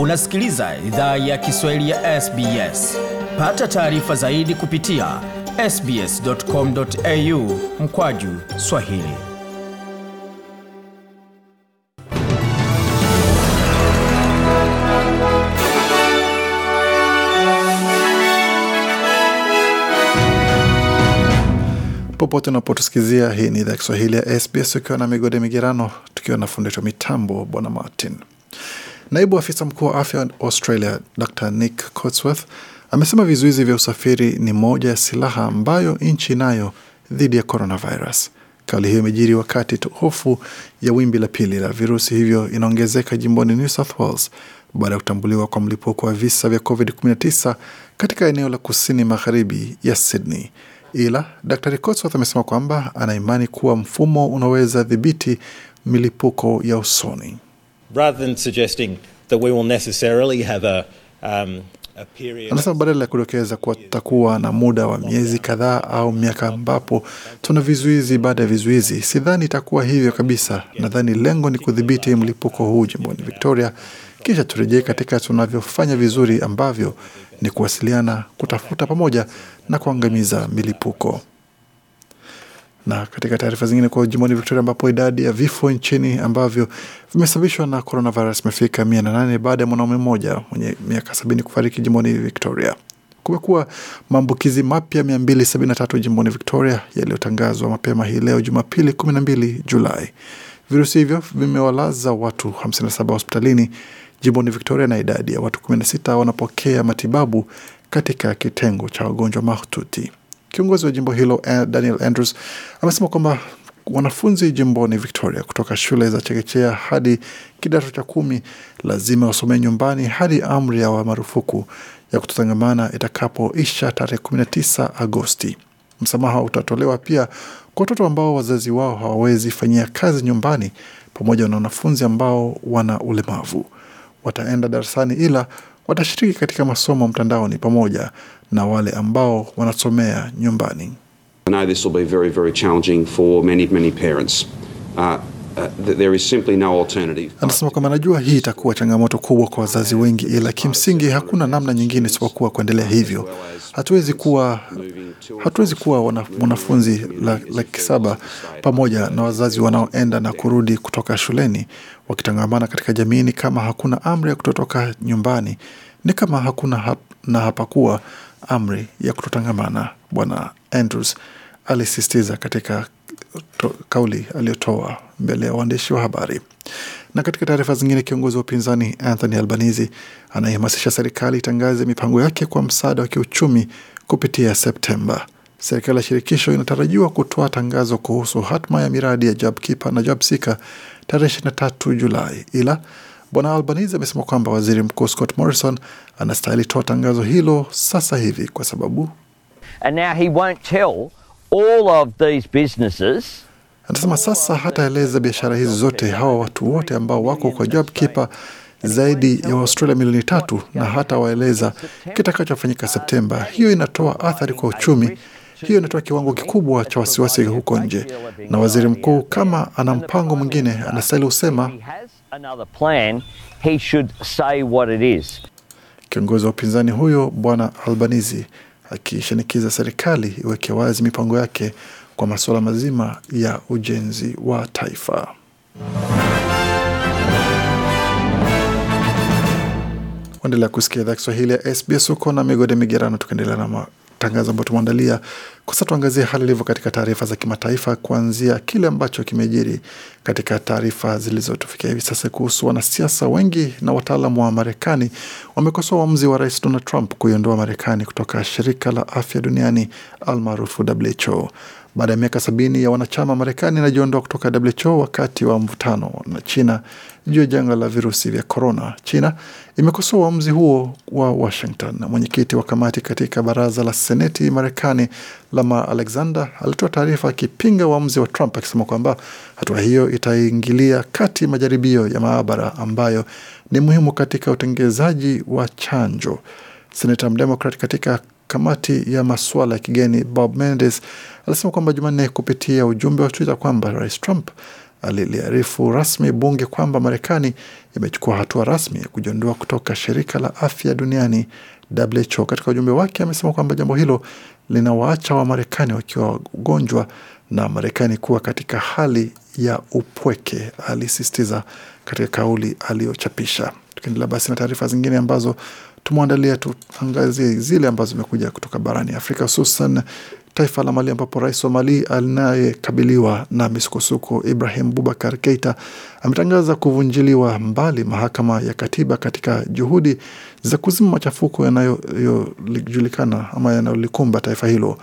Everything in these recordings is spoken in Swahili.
Unasikiliza idhaa ya Kiswahili ya SBS. Pata taarifa zaidi kupitia sbs.com.au mkwaju Swahili. Popote unapotusikizia, hii ni idhaa Kiswahili ya SBS ukiwa na migode migerano, tukiwa na fundisho mitambo Bwana Martin Naibu afisa mkuu wa afya Australia Dr Nick Cotsworth amesema vizuizi vya usafiri ni moja ya silaha ambayo nchi inayo dhidi ya coronavirus. Kauli hiyo imejiri wakati hofu ya wimbi la pili la virusi hivyo inaongezeka jimboni New South Wales baada ya kutambuliwa kwa mlipuko wa visa vya COVID-19 katika eneo la kusini magharibi ya Sydney. Ila Dr Cotsworth amesema kwamba anaimani kuwa mfumo unaweza dhibiti milipuko ya usoni rather than suggesting that we will necessarily have a um, Anasema badala ya kudokeza kuwa tutakuwa na muda wa miezi kadhaa au miaka ambapo tuna vizuizi baada ya vizuizi, sidhani itakuwa hivyo kabisa. Nadhani lengo ni kudhibiti mlipuko huu jimboni Victoria, kisha turejee katika tunavyofanya vizuri, ambavyo ni kuwasiliana, kutafuta pamoja na kuangamiza milipuko. Na katika taarifa zingine, kwa jimboni Victoria ambapo idadi ya vifo nchini ambavyo vimesababishwa na coronavirus imefika mia na nane baada ya mwanaume mmoja mwenye miaka sabini kufariki jimboni Victoria. Kumekuwa maambukizi mapya 273 jimboni Victoria yaliyotangazwa mapema hii leo Jumapili 12 Julai. Virusi hivyo vimewalaza watu 57 hospitalini jimboni Victoria na idadi ya watu 16 wanapokea matibabu katika kitengo cha wagonjwa mahututi. Kiongozi wa jimbo hilo eh, Daniel Andrews amesema kwamba wanafunzi jimboni Victoria kutoka shule za chekechea hadi kidato cha kumi lazima wasomee nyumbani hadi amri ya marufuku ya kutotangamana itakapoisha tarehe 19 Agosti. Msamaha utatolewa pia kwa watoto ambao wazazi wao hawawezi fanyia kazi nyumbani pamoja na wanafunzi ambao wana ulemavu wataenda darasani ila watashiriki katika masomo mtandaoni pamoja na wale ambao wanasomea nyumbani. I know this will be very, very challenging for many, many parents. Uh... Uh, Anasema kwamba anajua hii itakuwa changamoto kubwa kwa wazazi wengi, ila eh, kimsingi hakuna namna nyingine isipokuwa kuendelea hivyo. Hatuwezi kuwa, hatuwezi kuwa mwanafunzi laki saba pamoja na wazazi wanaoenda na kurudi kutoka shuleni wakitangamana katika jamii. Ni kama hakuna amri ya kutotoka nyumbani, ni kama hakuna hap, na hapakuwa amri ya kutotangamana. Bwana Andrews alisisitiza katika to, kauli aliyotoa mbele ya waandishi wa habari. Na katika taarifa zingine, kiongozi wa upinzani Anthony Albanese anayehamasisha serikali itangaze mipango yake kwa msaada wa kiuchumi kupitia Septemba. Serikali ya shirikisho inatarajiwa kutoa tangazo kuhusu hatma ya miradi ya JobKeeper na JobSeeker tarehe 23 Julai, ila Bwana Albanese amesema kwamba waziri mkuu Scott Morrison anastahili toa tangazo hilo sasa hivi kwa sababu And now he won't tell all of these businesses Anasema sasa hataeleza biashara hizi zote, hawa watu wote ambao wako kwa job keeper zaidi ya Waustralia milioni tatu, na hata waeleza kitakachofanyika Septemba. Hiyo inatoa athari kwa uchumi, hiyo inatoa kiwango kikubwa cha wasiwasi huko nje, na waziri mkuu kama ana mpango mwingine anastahili husema. Kiongozi wa upinzani huyo Bwana Albanizi akishinikiza serikali iweke wazi mipango yake kwa masuala mazima ya ujenzi wa taifa. Waendelea kusikia idhaa Kiswahili ya SBS. Huko na migode migerano, tukaendelea na tangazo ambayo tumeandalia kwa sasa. Tuangazie hali ilivyo katika taarifa za kimataifa, kuanzia kile ambacho kimejiri katika taarifa zilizotufikia hivi sasa kuhusu wanasiasa wengi na wataalam wa Marekani wamekosoa uamuzi wa Rais Donald Trump kuiondoa Marekani kutoka shirika la afya duniani almaarufu WHO baada ya miaka sabini ya wanachama. Marekani inajiondoa kutoka WHO wakati wa mvutano na China juu ya janga la virusi vya korona. China imekosoa uamuzi huo wa Washington. Mwenyekiti wa kamati katika baraza la seneti Marekani lama Alexander alitoa taarifa akipinga uamuzi wa Trump akisema kwamba hatua hiyo itaingilia kati majaribio ya maabara ambayo ni muhimu katika utengenezaji wa chanjo. Senata Mdemokrat katika kamati ya masuala ya kigeni Bob Mendes alisema kwamba Jumanne kupitia ujumbe wa Twitter kwamba Rais Trump aliliarifu rasmi bunge kwamba Marekani imechukua hatua rasmi ya kujiondoa kutoka shirika la afya duniani WHO. Katika ujumbe wake amesema kwamba jambo hilo linawaacha Wamarekani wakiwa wagonjwa na Marekani kuwa katika hali ya upweke, alisisitiza katika kauli aliyochapisha. Tukiendelea basi na taarifa zingine ambazo tumwandalia tuangazie zile ambazo zimekuja kutoka barani Afrika, hususan taifa la Mali ambapo rais wa Mali anayekabiliwa na misukosuko Ibrahim Bubakar Keita ametangaza kuvunjiliwa mbali mahakama ya katiba katika juhudi za kuzima machafuko yanayojulikana ama yanayolikumba taifa hilo,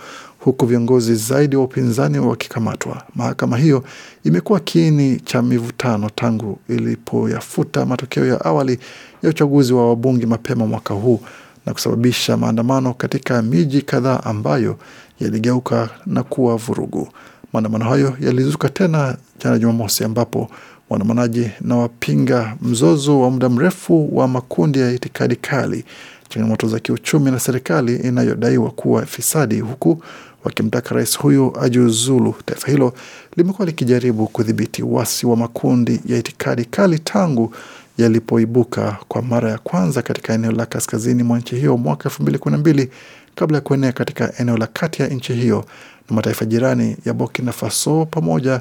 huku viongozi zaidi wa upinzani wakikamatwa. Mahakama hiyo imekuwa kiini cha mivutano tangu ilipoyafuta matokeo ya awali ya uchaguzi wa wabunge mapema mwaka huu na kusababisha maandamano katika miji kadhaa ambayo yaligeuka na kuwa vurugu. Maandamano hayo yalizuka tena jana Jumamosi, ambapo waandamanaji na wapinga mzozo wa muda mrefu wa makundi ya itikadi kali, changamoto za kiuchumi na serikali inayodaiwa kuwa fisadi, huku wakimtaka rais huyu ajiuzulu. Taifa hilo limekuwa likijaribu kudhibiti wasi wa makundi ya itikadi kali tangu yalipoibuka kwa mara ya kwanza katika eneo la kaskazini mwa nchi hiyo mwaka elfu mbili kumi na mbili kabla ya kuenea katika eneo la kati ya nchi hiyo na mataifa jirani ya Burkina Faso pamoja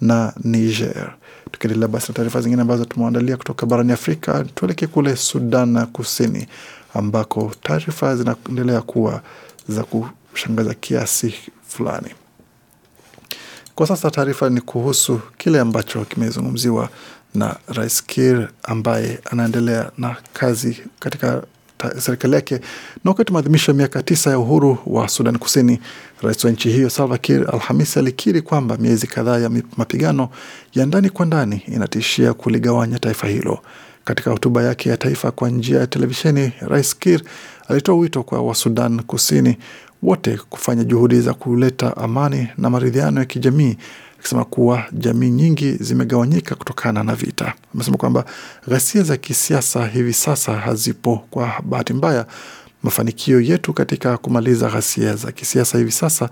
na Niger. Tukiendelea basi na taarifa zingine ambazo tumeandalia kutoka barani Afrika, tuelekee kule Sudan Kusini ambako taarifa zinaendelea kuwa za ku kushangaza kiasi fulani. Kwa sasa taarifa ni kuhusu kile ambacho kimezungumziwa na Rais Kiir ambaye anaendelea na kazi katika serikali yake. Na wakati maadhimisho ya miaka tisa ya uhuru wa Sudan Kusini, rais wa nchi hiyo Salva Kiir Alhamisi alikiri kwamba miezi kadhaa ya mapigano ya ndani kwa ndani inatishia kuligawanya taifa hilo. Katika hotuba yake ya taifa kwa njia ya televisheni, Rais Kiir alitoa wito kwa Wasudan Kusini wote kufanya juhudi za kuleta amani na maridhiano ya kijamii, akisema kuwa jamii nyingi zimegawanyika kutokana na vita. Amesema kwamba ghasia za kisiasa hivi sasa hazipo. Kwa bahati mbaya, mafanikio yetu katika kumaliza ghasia za kisiasa hivi sasa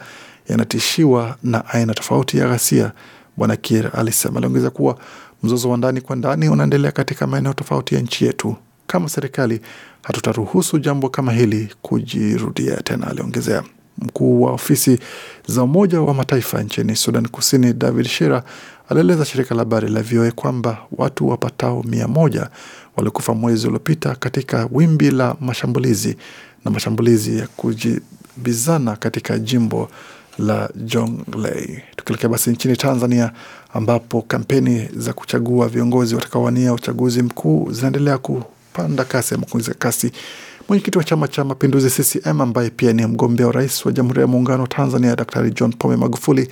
yanatishiwa na aina tofauti ya ghasia, Bwana kir alisema. Aliongeza kuwa mzozo wa ndani kwa ndani unaendelea katika maeneo tofauti ya nchi yetu. Kama serikali hatutaruhusu jambo kama hili kujirudia tena, aliongezea. Mkuu wa ofisi za Umoja wa Mataifa nchini Sudan Kusini, David Shira, alieleza shirika la habari la VOA kwamba watu wapatao mia moja walikufa mwezi uliopita katika wimbi la mashambulizi na mashambulizi ya kujibizana katika jimbo la Jonglei. Tukielekea basi nchini Tanzania, ambapo kampeni za kuchagua viongozi watakaowania uchaguzi mkuu zinaendelea ku kupanda kasi ama kuongeza kasi. Mwenyekiti wa Chama cha Mapinduzi CCM ambaye pia ni mgombea urais wa Jamhuri ya Muungano wa Tanzania Daktari John Pombe Magufuli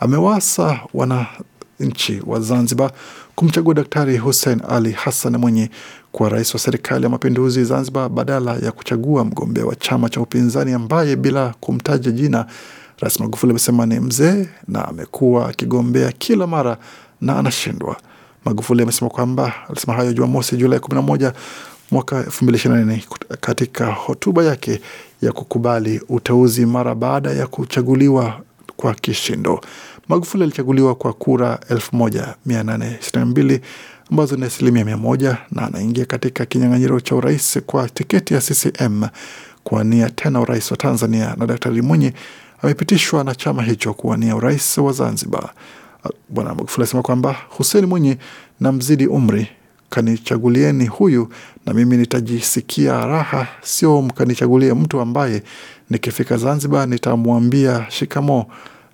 amewasa wananchi wa Zanzibar kumchagua Daktari Hussein Ali Hassan Mwinyi kuwa rais wa serikali ya mapinduzi Zanzibar badala ya kuchagua mgombea wa chama cha upinzani ambaye bila kumtaja jina Rais Magufuli amesema ni mzee na amekuwa akigombea kila mara na anashindwa. Magufuli amesema kwamba alisema hayo Jumamosi, Julai kumi na moja mwaka elfu mbili katika hotuba yake ya kukubali uteuzi mara baada ya kuchaguliwa kwa kishindo. Magufuli alichaguliwa kwa kura 1862 ambazo ni asilimia mia moja na anaingia katika kinyang'anyiro cha urais kwa tiketi ya CCM kuwania tena urais wa Tanzania, na Daktari Mwinyi amepitishwa na chama hicho kuwania urais wa Zanzibar. Bwana Magufuli alisema kwamba Hussein Mwinyi namzidi umri, kanichagulieni huyu na mimi nitajisikia raha, sio mkanichagulie mtu ambaye nikifika Zanzibar nitamwambia shikamoo,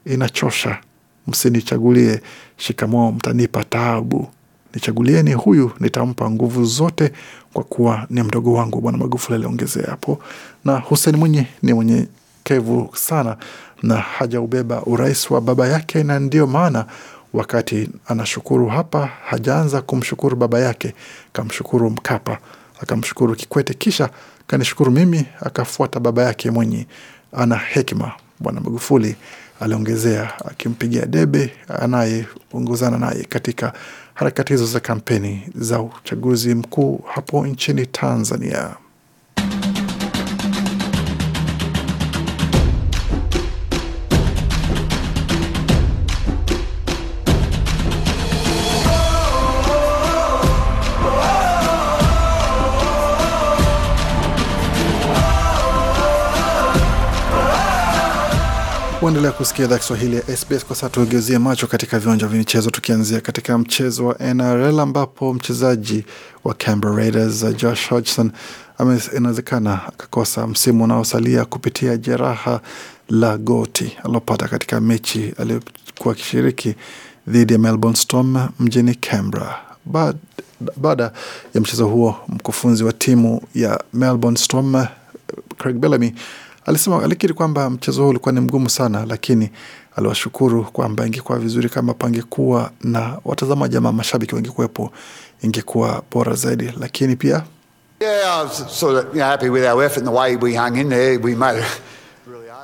inachosha. Msinichagulie shikamoo, mtanipa taabu. Nichagulieni huyu, nitampa nguvu zote kwa kuwa ni mdogo wangu. Bwana Magufuli aliongezea hapo, na Huseni Mwinyi ni mwenye mnyenyekevu sana na hajaubeba urais wa baba yake, na ndiyo maana wakati anashukuru hapa hajaanza kumshukuru baba yake, kamshukuru Mkapa, akamshukuru Kikwete, kisha kanishukuru mimi, akafuata baba yake mwenye ana hekima, Bwana Magufuli, aliongezea akimpigia debe anayeongozana naye katika harakati hizo za kampeni za uchaguzi mkuu hapo nchini Tanzania. uendelea kusikia idhaa Kiswahili ya SBS. Kwa sasa tuegezie macho katika viwanja vya michezo, tukianzia katika mchezo wa NRL ambapo mchezaji wa Canberra Raiders uh, Josh Hodgson inawezekana akakosa msimu unaosalia kupitia jeraha la goti alilopata katika mechi aliyokuwa akishiriki dhidi ya Melbourne Storm mjini Canberra. Baada ya mchezo huo, mkufunzi wa timu ya Melbourne Storm uh, Craig Bellamy Alisema alikiri kwamba mchezo huo ulikuwa ni mgumu sana, lakini aliwashukuru kwamba ingekuwa vizuri kama pangekuwa na watazama jamaa mashabiki wangekuwepo, ingekuwa bora zaidi, lakini pia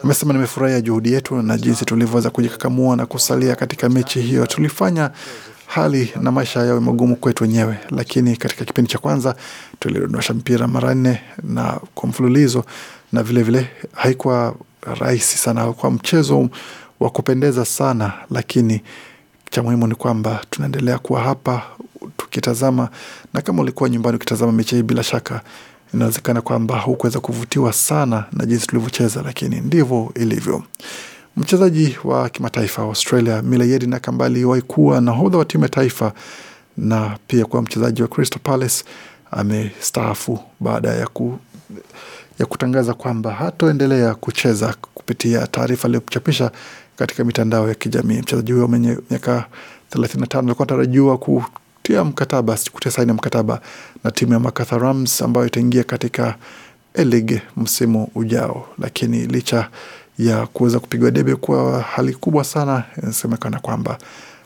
amesema nimefurahia juhudi yetu na jinsi tulivyoweza kujikakamua na kusalia katika mechi hiyo. Tulifanya hali na maisha yawe magumu kwetu wenyewe, lakini katika kipindi cha kwanza tulidondosha mpira mara nne na kwa mfululizo na vilevile vile, haikuwa rahisi sana, kwa mchezo wa kupendeza sana, lakini cha muhimu ni kwamba tunaendelea kuwa hapa tukitazama, na kama ulikuwa nyumbani ukitazama mechi hii, bila shaka inawezekana kwamba hukuweza kuvutiwa sana na jinsi tulivyocheza, lakini ndivyo ilivyo. Mchezaji wa kimataifa wa Australia Mileyedi Nak ambaye aliwahi kuwa nahodha wa timu ya taifa na pia kuwa mchezaji wa Crystal Palace amestaafu baada ya ku ya kutangaza kwamba hatoendelea kucheza kupitia taarifa aliyochapisha katika mitandao ya kijamii. Mchezaji huyo mwenye miaka 35 alikuwa anatarajiwa kutia mkataba, kutia saini ya mkataba na timu ya Macarthur Rams ambayo itaingia katika A-League msimu ujao, lakini licha ya kuweza kupigwa debe kwa hali kubwa sana, inasemekana kwamba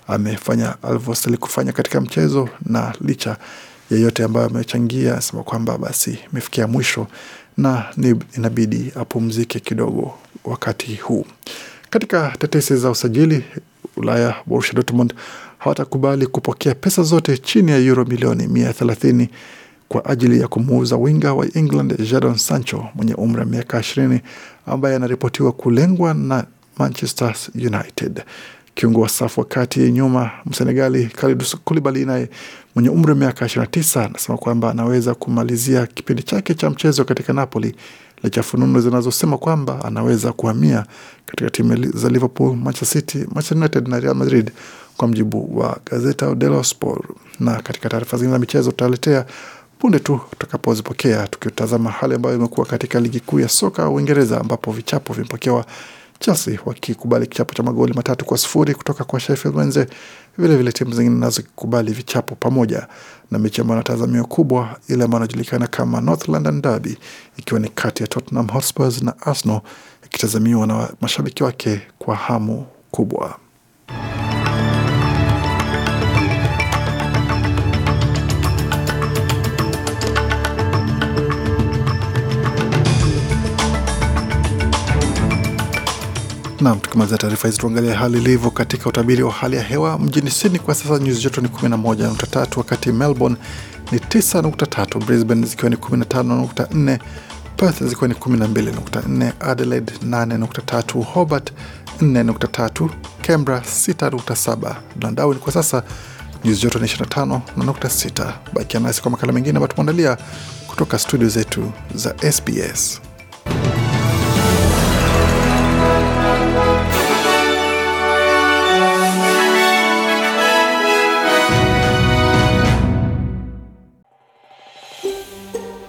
amefanya alivyostahili kufanya katika mchezo, na licha yeyote ambayo amechangia, asema kwamba basi imefikia mwisho na inabidi apumzike kidogo wakati huu. Katika tetesi za usajili Ulaya, Borussia Dortmund hawatakubali kupokea pesa zote chini ya euro milioni mia thelathini kwa ajili ya kumuuza winga wa England Jadon Sancho mwenye umri wa miaka ishirini ambaye anaripotiwa kulengwa na Manchester United kiungo wa safu wakati nyuma Msenegali Kalidou Kulibali naye mwenye umri wa miaka 29 anasema kwamba anaweza kumalizia kipindi chake cha mchezo katika Napoli licha fununu zinazosema kwamba anaweza kuhamia katika timu za Liverpool, Manchester City, Manchester United na Real Madrid kwa mjibu wa Gazeta dello Sport. Na katika taarifa zingine za michezo tutaletea punde tu tutakapozipokea, tukitazama hali ambayo imekuwa katika ligi kuu ya soka Uingereza, ambapo vichapo vimepokewa Chelsea wakikubali kichapo cha magoli matatu kwa sifuri kutoka kwa Sheffield Wednesday. Vilevile timu zingine nazo kikubali vichapo pamoja na mechi ambayo anatazamio kubwa, ile ambayo anajulikana kama North London Derby, ikiwa ni kati ya Tottenham Hotspurs na Arsenal, ikitazamiwa na mashabiki wake kwa hamu kubwa. Nam, tukimaliza taarifa hizi tuangalia hali ilivyo katika utabiri wa hali ya hewa mjini Sydney kwa sasa nyuzi joto ni 11.3, wakati Melbourne ni 9.3, Brisbane zikiwa ni 15.4, Perth zikiwa ni 12.4, Adelaide 8.3, Hobart 4.3, Canberra 6.7 na kwa sasa nyuzi joto ni 25.6. Bakia nasi kwa makala mengine ambayo tumeandalia kutoka studio zetu za SBS.